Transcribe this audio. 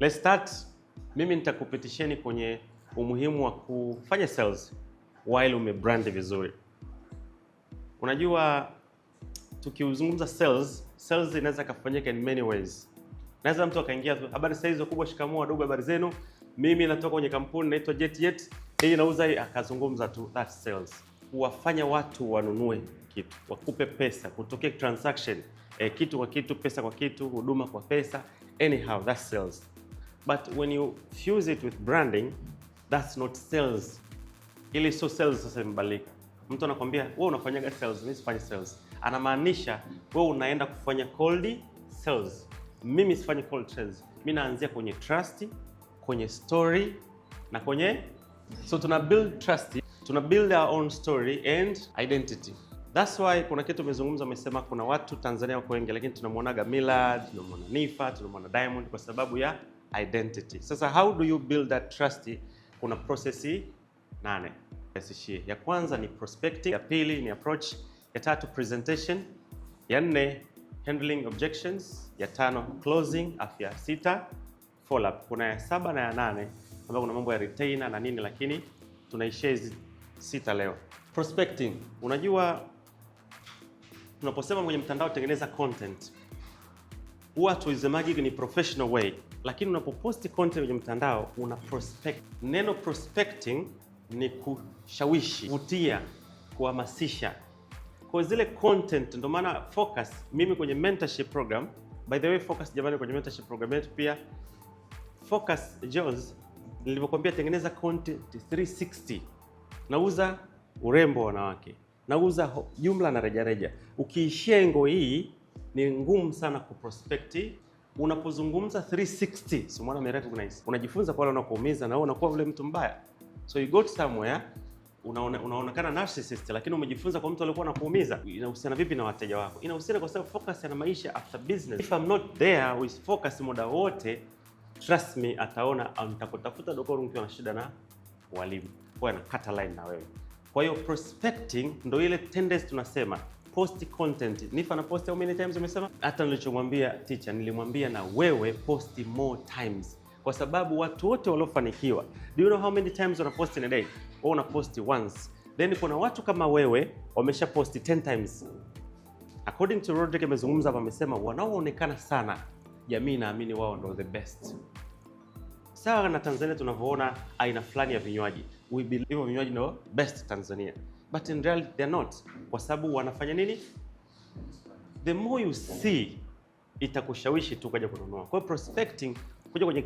Let's start. Mimi nitakupitisheni kwenye umuhimu wa kufanya sales while umebrand vizuri. Unajua, tukizungumza sales, sales inaweza kufanyika in many ways. Naweza mtu akaingia tu, habari sasa hizo kubwa, shikamoo wadogo, habari zenu, mimi natoka kwenye kampuni naitwa JetJet, hii nauza hii, akazungumza tu, that sales. Kuwafanya watu wanunue kitu, wakupe pesa, kutokea transaction, eh, kitu kwa kitu, pesa kwa kitu, huduma kwa pesa, anyhow that sales but when you fuse it with branding that's not sales. ili sio sales sasa imebadilika. Mtu anakwambia wewe unafanyaga sales, mimi sifanyi sales. Anamaanisha wewe unaenda kufanya cold sales. Mimi sifanyi cold sales. Mimi naanzia kwenye trust, kwenye story na kwenye so tuna build trust, tuna build our own story and identity. That's why kuna kitu umezungumza, umesema kuna watu Tanzania wako wengi, lakini tunamwonaga Millard, tunamwona Nifa, tunamwona Diamond kwa sababu ya identity. Sasa how do you build that trust? Kuna prosesi nane sishie. Ya kwanza ni prospecting, ya pili ni approach, ya tatu presentation, ya nne handling objections, ya tano closing, afu ya sita follow up. Kuna ya saba na ya nane ambayo kuna mambo ya retainer na nini, lakini tunaishia hizi sita leo. Prospecting, unajua tunaposema kwenye mtandao tengeneza content, huwa tuisemaji ni professional way lakini unapoposti content kwenye mtandao una prospect. Neno prospecting ni kushawishi, kuvutia, kuhamasisha kwa zile content. Ndio maana focus mimi kwenye mentorship program, by the way, focus jamani, kwenye mentorship program yetu pia Focus Jones nilivyokuambia, tengeneza content 360. Nauza urembo wa wanawake, nauza jumla na rejareja. Ukiishia engo hii, ni ngumu sana kuprospecti unapozungumza 360 so maana recognize, unajifunza pale unakuumiza na wewe unakuwa ule mtu mbaya, so you got somewhere unaonekana narcissist, lakini umejifunza kwa mtu aliyekuwa anakuumiza. Inahusiana vipi na wateja wako? Inahusiana kwa sababu focus ana maisha after business. If I'm not there with focus muda wote, trust me, ataona ah, nitakotafuta dokoro nikiwa na shida na walimu, kwa anakata line na wewe. Kwa hiyo prospecting ndio ile tendency tunasema post content. Nifa na post how many times umesema? Hata nilichomwambia teacher, nilimwambia na wewe post more times, kwa sababu watu wote waliofanikiwa, do you know how many times wana post in a day? Wao una post once, then kuna watu kama wewe wamesha post 10 times. According to Rodrick amezungumza hapa, amesema wanaoonekana sana, jamii inaamini wao ndio the best. Sawa na Tanzania tunavyoona aina fulani ya vinywaji, we believe vinywaji ndio best Tanzania but in real they're not, kwa sababu wanafanya nini? The more you see itakushawishi tu kaja kununua. Kwa prospecting kuja kwenye